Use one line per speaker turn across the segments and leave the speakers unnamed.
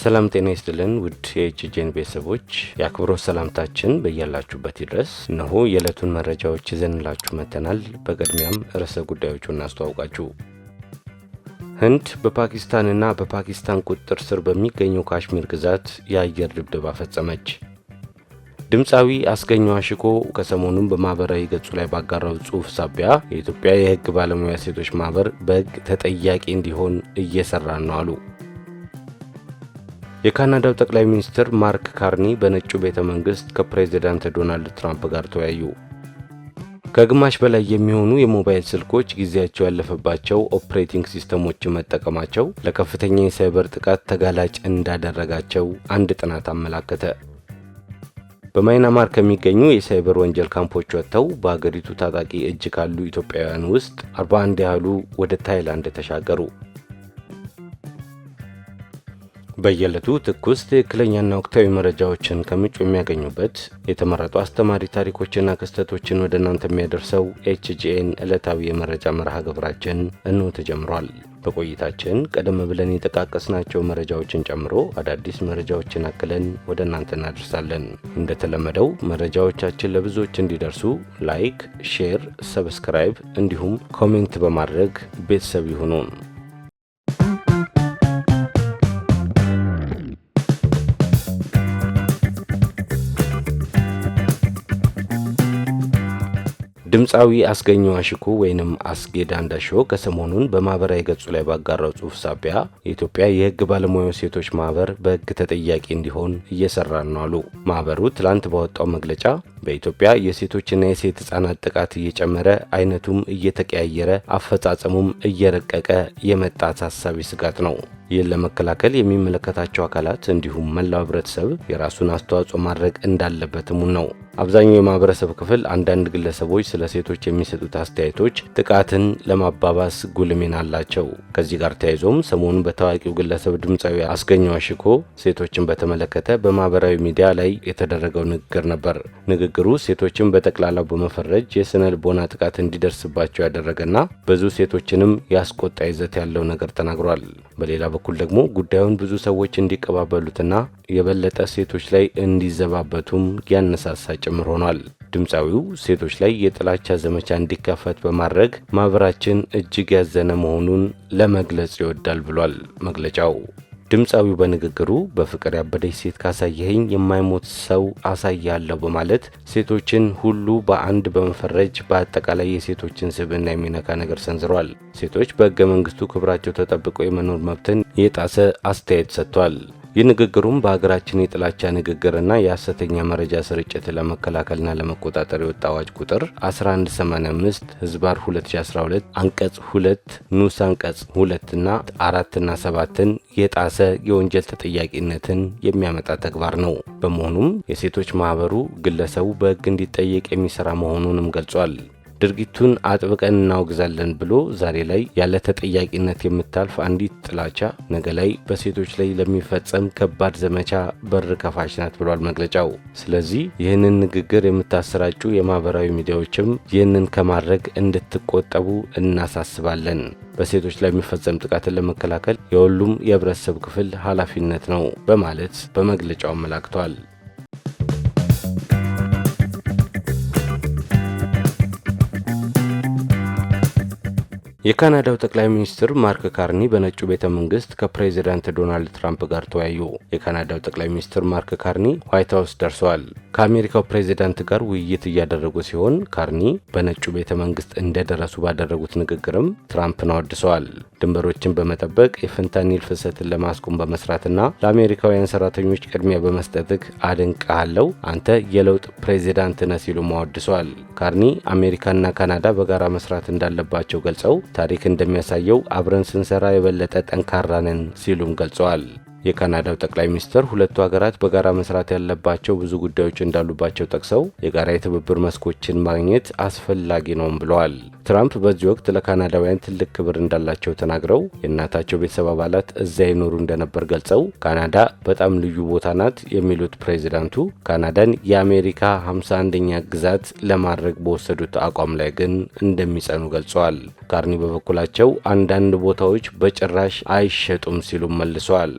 ሰላም ጤና ይስጥልን ውድ የኤችጄን ቤተሰቦች የአክብሮት ሰላምታችን በያላችሁበት ይድረስ። እነሆ የዕለቱን መረጃዎች ይዘንላችሁ መተናል በቅድሚያም ርዕሰ ጉዳዮቹ እናስተዋውቃችሁ። ህንድ በፓኪስታንና በፓኪስታን ቁጥጥር ስር በሚገኘው ካሽሚር ግዛት የአየር ድብደባ ፈጸመች። ድምፃዊ አስገኘው አሽኮ ከሰሞኑን በማህበራዊ ገጹ ላይ ባጋራው ጽሁፍ ሳቢያ የኢትዮጵያ የህግ ባለሙያ ሴቶች ማህበር በህግ ተጠያቂ እንዲሆን እየሰራ ነው አሉ። የካናዳው ጠቅላይ ሚኒስትር ማርክ ካርኒ በነጩ ቤተ መንግስት ከፕሬዚዳንት ዶናልድ ትራምፕ ጋር ተወያዩ። ከግማሽ በላይ የሚሆኑ የሞባይል ስልኮች ጊዜያቸው ያለፈባቸው ኦፕሬቲንግ ሲስተሞችን መጠቀማቸው ለከፍተኛ የሳይበር ጥቃት ተጋላጭ እንዳደረጋቸው አንድ ጥናት አመላከተ። በማይናማር ከሚገኙ የሳይበር ወንጀል ካምፖች ወጥተው በሀገሪቱ ታጣቂ እጅ ካሉ ኢትዮጵያውያን ውስጥ 41 ያህሉ ወደ ታይላንድ ተሻገሩ። በየዕለቱ ትኩስ ትክክለኛና ወቅታዊ መረጃዎችን ከምንጩ የሚያገኙበት የተመረጡ አስተማሪ ታሪኮችና ክስተቶችን ወደ እናንተ የሚያደርሰው ኤችጂኤን ዕለታዊ የመረጃ መርሃ ግብራችን እንሆ ተጀምሯል። በቆይታችን ቀደም ብለን የጠቃቀስናቸው መረጃዎችን ጨምሮ አዳዲስ መረጃዎችን አክለን ወደ እናንተ እናደርሳለን። እንደተለመደው መረጃዎቻችን ለብዙዎች እንዲደርሱ ላይክ፣ ሼር፣ ሰብስክራይብ እንዲሁም ኮሜንት በማድረግ ቤተሰብ ይሁኑን። ድምፃዊ አስገኘው አሽኮ ወይንም አስጌ ዳንዳሾ ከሰሞኑን በማህበራዊ ገጹ ላይ ባጋራው ጽሁፍ ሳቢያ የኢትዮጵያ የህግ ባለሙያዎች ሴቶች ማህበር በህግ ተጠያቂ እንዲሆን እየሰራን ነው አሉ። ማህበሩ ትላንት ባወጣው መግለጫ በኢትዮጵያ የሴቶችና የሴት ህጻናት ጥቃት እየጨመረ አይነቱም እየተቀያየረ አፈጻጸሙም እየረቀቀ የመጣ አሳሳቢ ስጋት ነው። ይህን ለመከላከል የሚመለከታቸው አካላት እንዲሁም መላው ህብረተሰብ የራሱን አስተዋጽኦ ማድረግ እንዳለበትም ነው። አብዛኛው የማህበረሰብ ክፍል አንዳንድ ግለሰቦች ስለ ሴቶች የሚሰጡት አስተያየቶች ጥቃትን ለማባባስ ጉልህ ሚና አላቸው። ከዚህ ጋር ተያይዞም ሰሞኑን በታዋቂው ግለሰብ ድምፃዊ አስገኘው አሽኮ ሴቶችን በተመለከተ በማህበራዊ ሚዲያ ላይ የተደረገው ንግግር ነበር። ንግግሩ ሴቶችን በጠቅላላው በመፈረጅ የስነ ልቦና ጥቃት እንዲደርስባቸው ያደረገና ብዙ ሴቶችንም ያስቆጣ ይዘት ያለው ነገር ተናግሯል። በሌላ በኩል ደግሞ ጉዳዩን ብዙ ሰዎች እንዲቀባበሉትና የበለጠ ሴቶች ላይ እንዲዘባበቱም ያነሳሳ ጭምር ሆኗል። ድምፃዊው ሴቶች ላይ የጥላቻ ዘመቻ እንዲከፈት በማድረግ ማህበራችን እጅግ ያዘነ መሆኑን ለመግለጽ ይወዳል ብሏል መግለጫው። ድምፃዊው በንግግሩ በፍቅር ያበደች ሴት ካሳየኸኝ የማይሞት ሰው አሳያለሁ በማለት ሴቶችን ሁሉ በአንድ በመፈረጅ በአጠቃላይ የሴቶችን ስብዕና የሚነካ ነገር ሰንዝሯል። ሴቶች በሕገ መንግስቱ ክብራቸው ተጠብቆ የመኖር መብትን የጣሰ አስተያየት ሰጥቷል። ይህ ንግግሩም በሀገራችን የጥላቻ ንግግርና የሐሰተኛ መረጃ ስርጭት ለመከላከልና ለመቆጣጠር የወጣ አዋጅ ቁጥር 1185 ህዝባር 2012 አንቀጽ 2 ንዑስ አንቀጽ 2 ና 4 ና 7ን የጣሰ የወንጀል ተጠያቂነትን የሚያመጣ ተግባር ነው። በመሆኑም የሴቶች ማህበሩ ግለሰቡ በህግ እንዲጠየቅ የሚሰራ መሆኑንም ገልጿል። ድርጊቱን አጥብቀን እናወግዛለን ብሎ ዛሬ ላይ ያለ ተጠያቂነት የምታልፍ አንዲት ጥላቻ ነገ ላይ በሴቶች ላይ ለሚፈጸም ከባድ ዘመቻ በር ከፋች ናት ብሏል መግለጫው። ስለዚህ ይህንን ንግግር የምታሰራጩ የማህበራዊ ሚዲያዎችም ይህንን ከማድረግ እንድትቆጠቡ እናሳስባለን። በሴቶች ላይ የሚፈጸም ጥቃትን ለመከላከል የሁሉም የህብረተሰብ ክፍል ኃላፊነት ነው በማለት በመግለጫው አመላክቷል። የካናዳው ጠቅላይ ሚኒስትር ማርክ ካርኒ በነጩ ቤተ መንግስት ከፕሬዚዳንት ዶናልድ ትራምፕ ጋር ተወያዩ። የካናዳው ጠቅላይ ሚኒስትር ማርክ ካርኒ ዋይት ሀውስ ደርሰዋል። ከአሜሪካው ፕሬዚዳንት ጋር ውይይት እያደረጉ ሲሆን ካርኒ በነጩ ቤተ መንግስት እንደደረሱ ባደረጉት ንግግርም ትራምፕን አወድሰዋል። ድንበሮችን በመጠበቅ የፈንታኒል ፍሰትን ለማስቆም በመስራትና ለአሜሪካውያን ሰራተኞች ቅድሚያ በመስጠትህ አደንቅሃለሁ፣ አንተ የለውጥ ፕሬዚዳንት ነህ ሲሉም አወድሰዋል። ካርኒ አሜሪካና ካናዳ በጋራ መስራት እንዳለባቸው ገልጸው ታሪክ እንደሚያሳየው አብረን ስንሰራ የበለጠ ጠንካራ ነን ሲሉም ገልጸዋል። የካናዳው ጠቅላይ ሚኒስትር ሁለቱ ሀገራት በጋራ መስራት ያለባቸው ብዙ ጉዳዮች እንዳሉባቸው ጠቅሰው የጋራ የትብብር መስኮችን ማግኘት አስፈላጊ ነውም ብለዋል። ትራምፕ በዚህ ወቅት ለካናዳውያን ትልቅ ክብር እንዳላቸው ተናግረው የእናታቸው ቤተሰብ አባላት እዚያ ይኖሩ እንደነበር ገልጸው ካናዳ በጣም ልዩ ቦታ ናት የሚሉት ፕሬዚዳንቱ ካናዳን የአሜሪካ 51ኛ ግዛት ለማድረግ በወሰዱት አቋም ላይ ግን እንደሚጸኑ ገልጸዋል። ካርኒ በበኩላቸው አንዳንድ ቦታዎች በጭራሽ አይሸጡም ሲሉም መልሰዋል።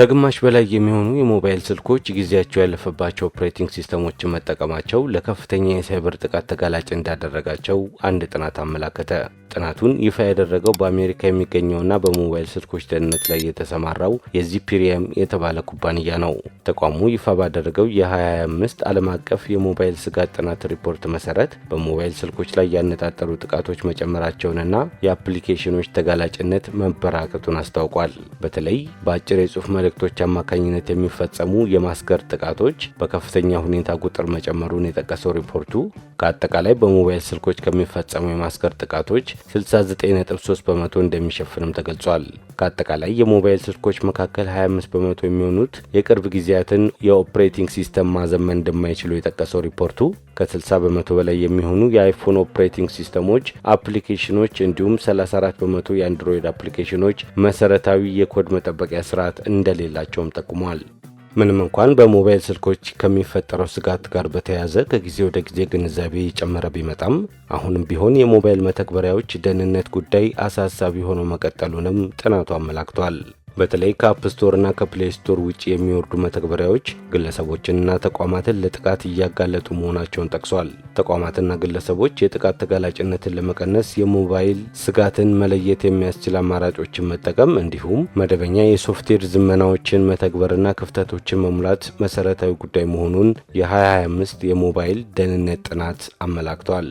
ከግማሽ በላይ የሚሆኑ የሞባይል ስልኮች ጊዜያቸው ያለፈባቸው ኦፕሬቲንግ ሲስተሞችን መጠቀማቸው ለከፍተኛ የሳይበር ጥቃት ተጋላጭ እንዳደረጋቸው አንድ ጥናት አመላከተ። ጥናቱን ይፋ ያደረገው በአሜሪካ የሚገኘውና በሞባይል ስልኮች ደህንነት ላይ የተሰማራው የዚፒሪየም የተባለ ኩባንያ ነው። ተቋሙ ይፋ ባደረገው የ2025 ዓለም አቀፍ የሞባይል ስጋት ጥናት ሪፖርት መሰረት በሞባይል ስልኮች ላይ ያነጣጠሩ ጥቃቶች መጨመራቸውንና የአፕሊኬሽኖች ተጋላጭነት መበራከቱን አስታውቋል። በተለይ በአጭር የጽሁፍ መለ መልእክቶች አማካኝነት የሚፈጸሙ የማስገር ጥቃቶች በከፍተኛ ሁኔታ ቁጥር መጨመሩን የጠቀሰው ሪፖርቱ ከአጠቃላይ በሞባይል ስልኮች ከሚፈጸሙ የማስገር ጥቃቶች 69.3 በመቶ እንደሚሸፍንም ተገልጿል። ከአጠቃላይ የሞባይል ስልኮች መካከል 25 በመቶ የሚሆኑት የቅርብ ጊዜያትን የኦፕሬቲንግ ሲስተም ማዘመን እንደማይችሉ የጠቀሰው ሪፖርቱ ከ60 በመቶ በላይ የሚሆኑ የአይፎን ኦፕሬቲንግ ሲስተሞች አፕሊኬሽኖች፣ እንዲሁም 34 በመቶ የአንድሮይድ አፕሊኬሽኖች መሰረታዊ የኮድ መጠበቂያ ስርዓት እንደሌላቸውም ጠቁሟል። ምንም እንኳን በሞባይል ስልኮች ከሚፈጠረው ስጋት ጋር በተያያዘ ከጊዜ ወደ ጊዜ ግንዛቤ እየጨመረ ቢመጣም አሁንም ቢሆን የሞባይል መተግበሪያዎች ደህንነት ጉዳይ አሳሳቢ ሆኖ መቀጠሉንም ጥናቱ አመላክቷል። በተለይ ከአፕ ስቶርና ከፕሌይ ስቶር ውጭ የሚወርዱ መተግበሪያዎች ግለሰቦችንና ተቋማትን ለጥቃት እያጋለጡ መሆናቸውን ጠቅሷል። ተቋማትና ግለሰቦች የጥቃት ተጋላጭነትን ለመቀነስ የሞባይል ስጋትን መለየት የሚያስችል አማራጮችን መጠቀም እንዲሁም መደበኛ የሶፍትዌር ዝመናዎችን መተግበርና ክፍተቶችን መሙላት መሰረታዊ ጉዳይ መሆኑን የ2025 የሞባይል ደህንነት ጥናት አመላክቷል።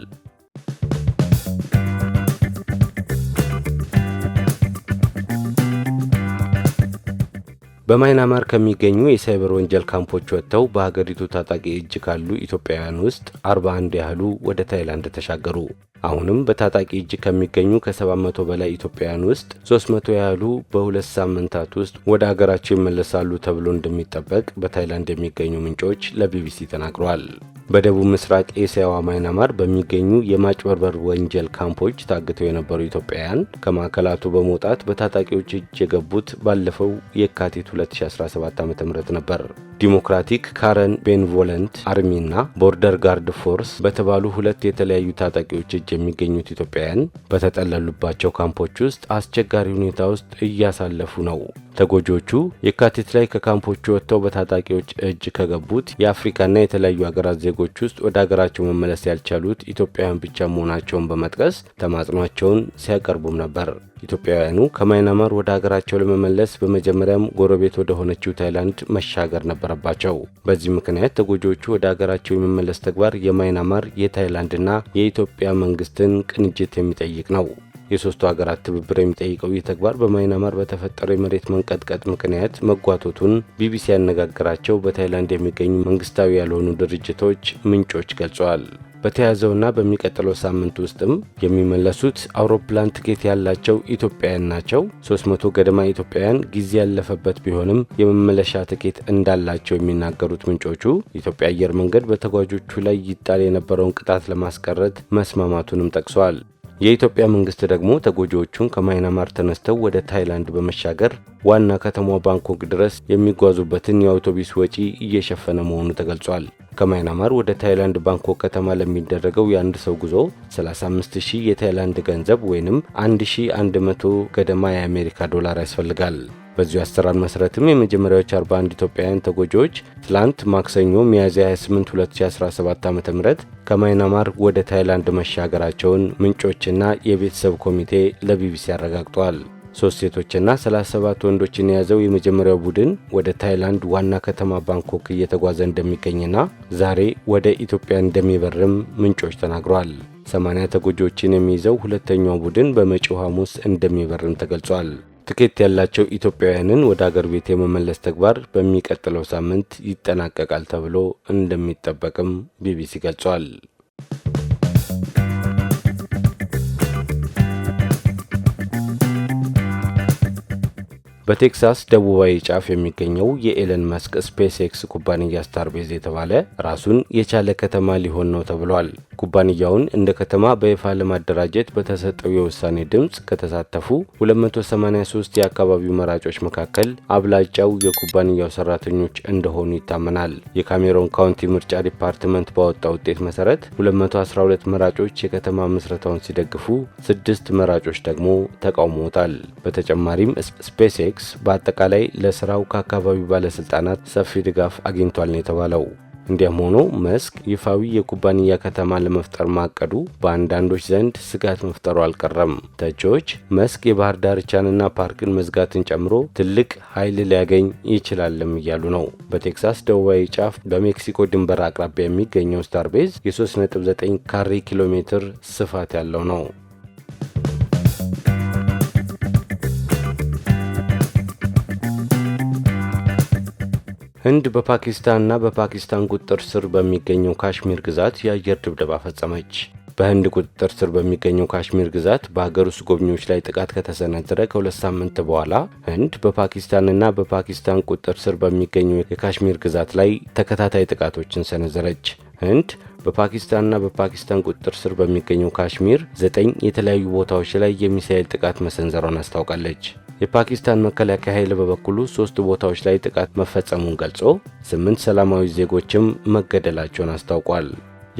በማይናማር ከሚገኙ የሳይበር ወንጀል ካምፖች ወጥተው በሀገሪቱ ታጣቂ እጅ ካሉ ኢትዮጵያውያን ውስጥ 41 ያህሉ ወደ ታይላንድ ተሻገሩ። አሁንም በታጣቂ እጅ ከሚገኙ ከ700 በላይ ኢትዮጵያውያን ውስጥ 300 ያህሉ በሁለት ሳምንታት ውስጥ ወደ አገራቸው ይመለሳሉ ተብሎ እንደሚጠበቅ በታይላንድ የሚገኙ ምንጮች ለቢቢሲ ተናግረዋል። በደቡብ ምስራቅ ኤስያዋ ማይናማር በሚገኙ የማጭበርበር ወንጀል ካምፖች ታግተው የነበሩ ኢትዮጵያውያን ከማዕከላቱ በመውጣት በታጣቂዎች እጅ የገቡት ባለፈው የካቲት 2017 ዓ ም ነበር። ዲሞክራቲክ ካረን ቤንቮለንት አርሚና ቦርደር ጋርድ ፎርስ በተባሉ ሁለት የተለያዩ ታጣቂዎች እጅ የሚገኙት ኢትዮጵያውያን በተጠለሉባቸው ካምፖች ውስጥ አስቸጋሪ ሁኔታ ውስጥ እያሳለፉ ነው። ተጎጂዎቹ የካቲት ላይ ከካምፖቹ ወጥተው በታጣቂዎች እጅ ከገቡት የአፍሪካና የተለያዩ ሀገራት ዜጎች ውስጥ ወደ ሀገራቸው መመለስ ያልቻሉት ኢትዮጵያውያን ብቻ መሆናቸውን በመጥቀስ ተማጽኗቸውን ሲያቀርቡም ነበር። ኢትዮጵያውያኑ ከማይናማር ወደ ሀገራቸው ለመመለስ በመጀመሪያም ጎረቤት ወደ ሆነችው ታይላንድ መሻገር ነበረባቸው። በዚህ ምክንያት ተጎጂዎቹ ወደ ሀገራቸው የመመለስ ተግባር የማይናማር የታይላንድና የኢትዮጵያ መንግስት መንግስትን ቅንጅት የሚጠይቅ ነው። የሶስቱ ሀገራት ትብብር የሚጠይቀው ይህ ተግባር በማይናማር በተፈጠረው የመሬት መንቀጥቀጥ ምክንያት መጓተቱን ቢቢሲ ያነጋገራቸው በታይላንድ የሚገኙ መንግስታዊ ያልሆኑ ድርጅቶች ምንጮች ገልጸዋል። በተያዘውና በሚቀጥለው ሳምንት ውስጥም የሚመለሱት አውሮፕላን ትኬት ያላቸው ኢትዮጵያውያን ናቸው። 300 ገደማ ኢትዮጵያውያን ጊዜ ያለፈበት ቢሆንም የመመለሻ ትኬት እንዳላቸው የሚናገሩት ምንጮቹ የኢትዮጵያ አየር መንገድ በተጓዦቹ ላይ ይጣል የነበረውን ቅጣት ለማስቀረት መስማማቱንም ጠቅሰዋል። የኢትዮጵያ መንግስት ደግሞ ተጎጂዎቹን ከማይናማር ተነስተው ወደ ታይላንድ በመሻገር ዋና ከተማ ባንኮክ ድረስ የሚጓዙበትን የአውቶቡስ ወጪ እየሸፈነ መሆኑ ተገልጿል። ከማይናማር ወደ ታይላንድ ባንኮክ ከተማ ለሚደረገው የአንድ ሰው ጉዞ 35000 የታይላንድ ገንዘብ ወይንም 1100 ገደማ የአሜሪካ ዶላር ያስፈልጋል። በዚሁ አሰራር መሰረትም የመጀመሪያዎች 41 ኢትዮጵያውያን ተጎጂዎች ትላንት ማክሰኞ ሚያዝያ 28 2017 ዓ ም ከማይናማር ወደ ታይላንድ መሻገራቸውን ምንጮችና የቤተሰብ ኮሚቴ ለቢቢሲ አረጋግጧል። ሶስት ሴቶችና 37 ወንዶችን የያዘው የመጀመሪያው ቡድን ወደ ታይላንድ ዋና ከተማ ባንኮክ እየተጓዘ እንደሚገኝና ዛሬ ወደ ኢትዮጵያ እንደሚበርም ምንጮች ተናግረዋል። 80 ተጎጂዎችን የሚይዘው ሁለተኛው ቡድን በመጪው ሐሙስ እንደሚበርም ተገልጿል። ትኬት ያላቸው ኢትዮጵያውያንን ወደ አገር ቤት የመመለስ ተግባር በሚቀጥለው ሳምንት ይጠናቀቃል ተብሎ እንደሚጠበቅም ቢቢሲ ገልጿል። በቴክሳስ ደቡባዊ ጫፍ የሚገኘው የኤለን መስክ ስፔስ ኤክስ ኩባንያ ስታርቤዝ የተባለ ራሱን የቻለ ከተማ ሊሆን ነው ተብሏል። ኩባንያውን እንደ ከተማ በይፋ ለማደራጀት በተሰጠው የውሳኔ ድምፅ ከተሳተፉ 283 የአካባቢው መራጮች መካከል አብላጫው የኩባንያው ሰራተኞች እንደሆኑ ይታመናል። የካሜሮን ካውንቲ ምርጫ ዲፓርትመንት ባወጣ ውጤት መሰረት 212 መራጮች የከተማ ምስረታውን ሲደግፉ፣ ስድስት መራጮች ደግሞ ተቃውሞታል። በተጨማሪም ስፔስ ኤክስ ፊኒክስ በአጠቃላይ ለስራው ከአካባቢው ባለስልጣናት ሰፊ ድጋፍ አግኝቷል ነው የተባለው። እንዲያም ሆኖ መስክ ይፋዊ የኩባንያ ከተማ ለመፍጠር ማቀዱ በአንዳንዶች ዘንድ ስጋት መፍጠሩ አልቀረም። ተቺዎች መስክ የባህር ዳርቻንና ፓርክን መዝጋትን ጨምሮ ትልቅ ኃይል ሊያገኝ ይችላልም እያሉ ነው። በቴክሳስ ደቡባዊ ጫፍ በሜክሲኮ ድንበር አቅራቢያ የሚገኘው ስታርቤዝ የ3.9 ካሬ ኪሎ ሜትር ስፋት ያለው ነው። ህንድ በፓኪስታንና በፓኪስታን ቁጥጥር ስር በሚገኘው ካሽሚር ግዛት የአየር ድብደባ ፈጸመች። በህንድ ቁጥጥር ስር በሚገኘው ካሽሚር ግዛት በሀገር ውስጥ ጎብኚዎች ላይ ጥቃት ከተሰነዘረ ከሁለት ሳምንት በኋላ ህንድ በፓኪስታንና በፓኪስታን ቁጥጥር ስር በሚገኘው የካሽሚር ግዛት ላይ ተከታታይ ጥቃቶችን ሰነዘረች። ህንድ በፓኪስታንና በፓኪስታን ቁጥጥር ስር በሚገኘው ካሽሚር ዘጠኝ የተለያዩ ቦታዎች ላይ የሚሳኤል ጥቃት መሰንዘሯን አስታውቃለች። የፓኪስታን መከላከያ ኃይል በበኩሉ ሶስት ቦታዎች ላይ ጥቃት መፈጸሙን ገልጾ ስምንት ሰላማዊ ዜጎችም መገደላቸውን አስታውቋል።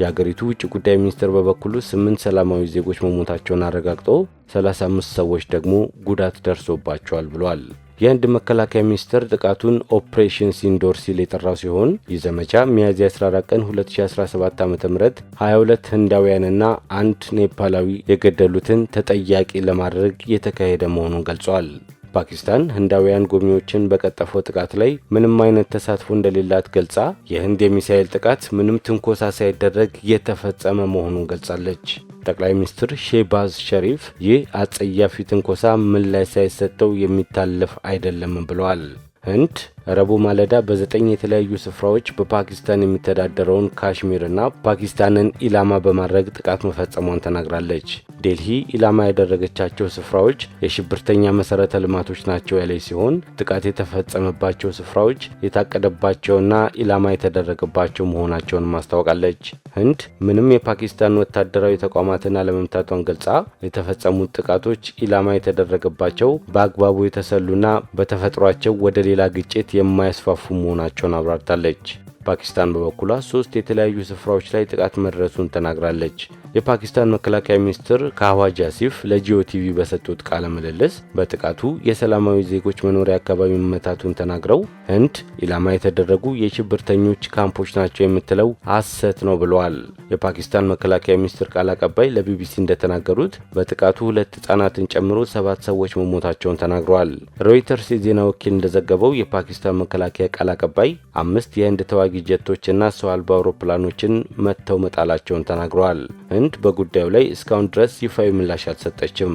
የአገሪቱ ውጭ ጉዳይ ሚኒስትር በበኩሉ ስምንት ሰላማዊ ዜጎች መሞታቸውን አረጋግጦ 35 ሰዎች ደግሞ ጉዳት ደርሶባቸዋል ብሏል። የህንድ መከላከያ ሚኒስቴር ጥቃቱን ኦፕሬሽን ሲንዶር ሲል የጠራው ሲሆን ይህ ዘመቻ ሚያዝያ 14 ቀን 2017 ዓ ም 22 ህንዳውያንና አንድ ኔፓላዊ የገደሉትን ተጠያቂ ለማድረግ የተካሄደ መሆኑን ገልጿል። ፓኪስታን ህንዳውያን ጎብኚዎችን በቀጠፈው ጥቃት ላይ ምንም አይነት ተሳትፎ እንደሌላት ገልጻ የህንድ የሚሳኤል ጥቃት ምንም ትንኮሳ ሳይደረግ የተፈጸመ መሆኑን ገልጻለች። ጠቅላይ ሚኒስትር ሼባዝ ሸሪፍ ይህ አጸያፊ ትንኮሳ ምላሽ ሳይሰጠው የሚታለፍ አይደለም ብለዋል። ህንድ ረቡዕ ማለዳ በዘጠኝ የተለያዩ ስፍራዎች በፓኪስታን የሚተዳደረውን ካሽሚርና ፓኪስታንን ኢላማ በማድረግ ጥቃት መፈጸሟን ተናግራለች። ዴልሂ ኢላማ ያደረገቻቸው ስፍራዎች የሽብርተኛ መሰረተ ልማቶች ናቸው ያለች ሲሆን ጥቃት የተፈጸመባቸው ስፍራዎች የታቀደባቸውና ኢላማ የተደረገባቸው መሆናቸውን ማስታወቃለች። ህንድ ምንም የፓኪስታን ወታደራዊ ተቋማትን አለመምታቷን ገልጻ የተፈጸሙት ጥቃቶች ኢላማ የተደረገባቸው በአግባቡ የተሰሉና በተፈጥሯቸው ወደ ሌላ ግጭት የማያስፋፉ መሆናቸውን አብራርታለች። ፓኪስታን በበኩሏ ሶስት የተለያዩ ስፍራዎች ላይ ጥቃት መድረሱን ተናግራለች። የፓኪስታን መከላከያ ሚኒስትር ካዋጅ አሲፍ ለጂኦ ቲቪ በሰጡት ቃለ ምልልስ በጥቃቱ የሰላማዊ ዜጎች መኖሪያ አካባቢ መመታቱን ተናግረው ህንድ ኢላማ የተደረጉ የሽብርተኞች ካምፖች ናቸው የምትለው ሐሰት ነው ብለዋል። የፓኪስታን መከላከያ ሚኒስትር ቃል አቀባይ ለቢቢሲ እንደተናገሩት በጥቃቱ ሁለት ህጻናትን ጨምሮ ሰባት ሰዎች መሞታቸውን ተናግረዋል። ሮይተርስ የዜና ወኪል እንደዘገበው የፓኪስታን መከላከያ ቃል አቀባይ አምስት የህንድ ተዋጊ ጀቶችና ሰው አልባ አውሮፕላኖችን መጥተው መጣላቸውን ተናግረዋል። ሆላንድ በጉዳዩ ላይ እስካሁን ድረስ ይፋዊ ምላሽ አልሰጠችም።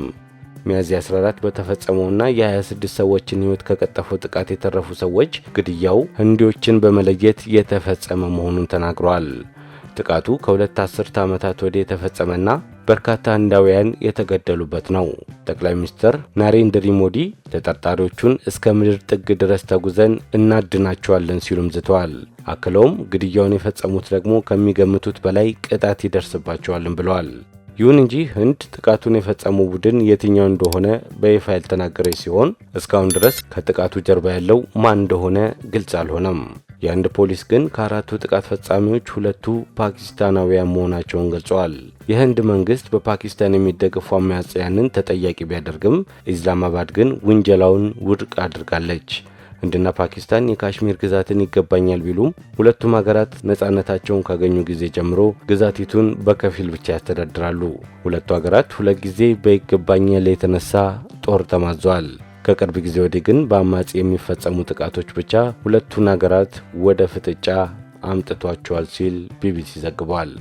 ሚያዝያ 14 በተፈጸመውና የ26 ሰዎችን ሕይወት ከቀጠፈው ጥቃት የተረፉ ሰዎች ግድያው ህንዲዎችን በመለየት የተፈጸመ መሆኑን ተናግረዋል። ጥቃቱ ከሁለት አስርተ ዓመታት ወዲህ የተፈጸመና በርካታ ህንዳውያን የተገደሉበት ነው። ጠቅላይ ሚኒስትር ናሬንድሪ ሞዲ ተጠርጣሪዎቹን እስከ ምድር ጥግ ድረስ ተጉዘን እናድናቸዋለን ሲሉም ዝተዋል። አክለውም ግድያውን የፈጸሙት ደግሞ ከሚገምቱት በላይ ቅጣት ይደርስባቸዋልን ብለዋል። ይሁን እንጂ ህንድ ጥቃቱን የፈጸመው ቡድን የትኛው እንደሆነ በይፋ ያልተናገረች ሲሆን እስካሁን ድረስ ከጥቃቱ ጀርባ ያለው ማን እንደሆነ ግልጽ አልሆነም። የአንድ ፖሊስ ግን ከአራቱ ጥቃት ፈጻሚዎች ሁለቱ ፓኪስታናውያን መሆናቸውን ገልጸዋል። የህንድ መንግስት በፓኪስታን የሚደገፉ አማጽያንን ተጠያቂ ቢያደርግም ኢስላማባድ ግን ውንጀላውን ውድቅ አድርጋለች። ህንድና ፓኪስታን የካሽሚር ግዛትን ይገባኛል ቢሉም ሁለቱም ሀገራት ነፃነታቸውን ካገኙ ጊዜ ጀምሮ ግዛቲቱን በከፊል ብቻ ያስተዳድራሉ። ሁለቱ ሀገራት ሁለት ጊዜ በይገባኛል የተነሳ ጦር ተማዘዋል። ከቅርብ ጊዜ ወዲህ ግን በአማጺ የሚፈጸሙ ጥቃቶች ብቻ ሁለቱን አገራት ወደ ፍጥጫ አምጥቷቸዋል ሲል ቢቢሲ ዘግቧል።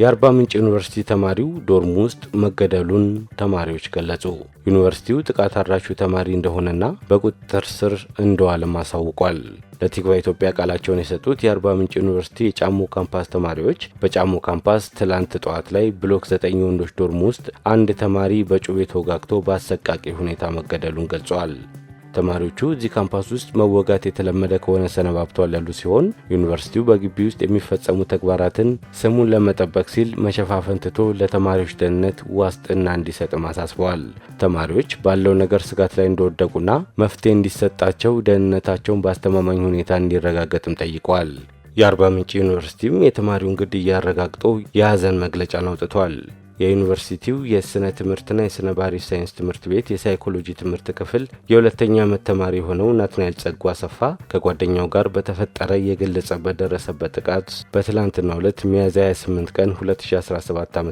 የአርባ ምንጭ ዩኒቨርሲቲ ተማሪው ዶርም ውስጥ መገደሉን ተማሪዎች ገለጹ። ዩኒቨርሲቲው ጥቃት አድራሹ ተማሪ እንደሆነና በቁጥጥር ስር እንደዋለም አሳውቋል። ለቲክቫ ኢትዮጵያ ቃላቸውን የሰጡት የአርባ ምንጭ ዩኒቨርሲቲ የጫሞ ካምፓስ ተማሪዎች በጫሞ ካምፓስ ትላንት ጠዋት ላይ ብሎክ ዘጠኝ ወንዶች ዶርም ውስጥ አንድ ተማሪ በጩቤ ተወጋግቶ በአሰቃቂ ሁኔታ መገደሉን ገልጿል። ተማሪዎቹ እዚህ ካምፓስ ውስጥ መወጋት የተለመደ ከሆነ ሰነባብተዋል ያሉ ሲሆን ዩኒቨርሲቲው በግቢ ውስጥ የሚፈጸሙ ተግባራትን ስሙን ለመጠበቅ ሲል መሸፋፈን ትቶ ለተማሪዎች ደህንነት ዋስጥና እንዲሰጥም አሳስበዋል። ተማሪዎች ባለው ነገር ስጋት ላይ እንደወደቁና መፍትሄ እንዲሰጣቸው ደህንነታቸውን በአስተማማኝ ሁኔታ እንዲረጋገጥም ጠይቀዋል። የአርባ ምንጭ ዩኒቨርሲቲም የተማሪውን ግድያ አረጋግጦ የሀዘን መግለጫን አውጥቷል። የዩኒቨርሲቲው የስነ ትምህርትና የስነ ባህሪ ሳይንስ ትምህርት ቤት የሳይኮሎጂ ትምህርት ክፍል የሁለተኛ ዓመት ተማሪ የሆነው ናትናኤል ጸጉ አሰፋ ከጓደኛው ጋር በተፈጠረ የገለጸ በደረሰበት ጥቃት በትላንትናው ዕለት ሚያዝያ 28 ቀን 2017 ዓ ም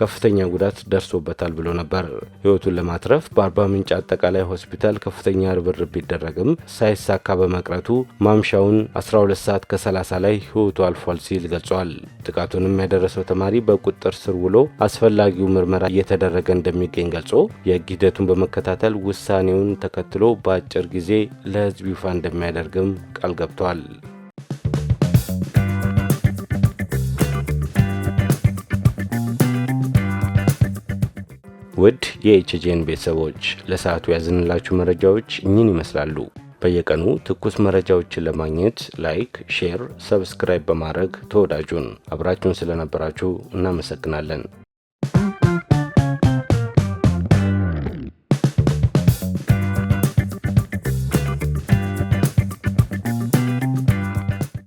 ከፍተኛ ጉዳት ደርሶበታል ብሎ ነበር። ህይወቱን ለማትረፍ በአርባ ምንጭ አጠቃላይ ሆስፒታል ከፍተኛ ርብርብ ቢደረግም ሳይሳካ በመቅረቱ ማምሻውን 12 ሰዓት ከ30 ላይ ህይወቱ አልፏል ሲል ገልጿል። ጥቃቱንም ያደረሰው ተማሪ በቁጥጥር ስር ውሎ አስፈላጊው ምርመራ እየተደረገ እንደሚገኝ ገልጾ የህግ ሂደቱን በመከታተል ውሳኔውን ተከትሎ በአጭር ጊዜ ለህዝብ ይፋ እንደሚያደርግም ቃል ገብቷል።
ውድ የኤችጄን ቤተሰቦች ለሰዓቱ ያዝንላችሁ መረጃዎች እኚህን ይመስላሉ። በየቀኑ ትኩስ መረጃዎችን ለማግኘት ላይክ፣ ሼር፣ ሰብስክራይብ በማድረግ ተወዳጁን አብራችሁን ስለነበራችሁ እናመሰግናለን። Mm-hmm.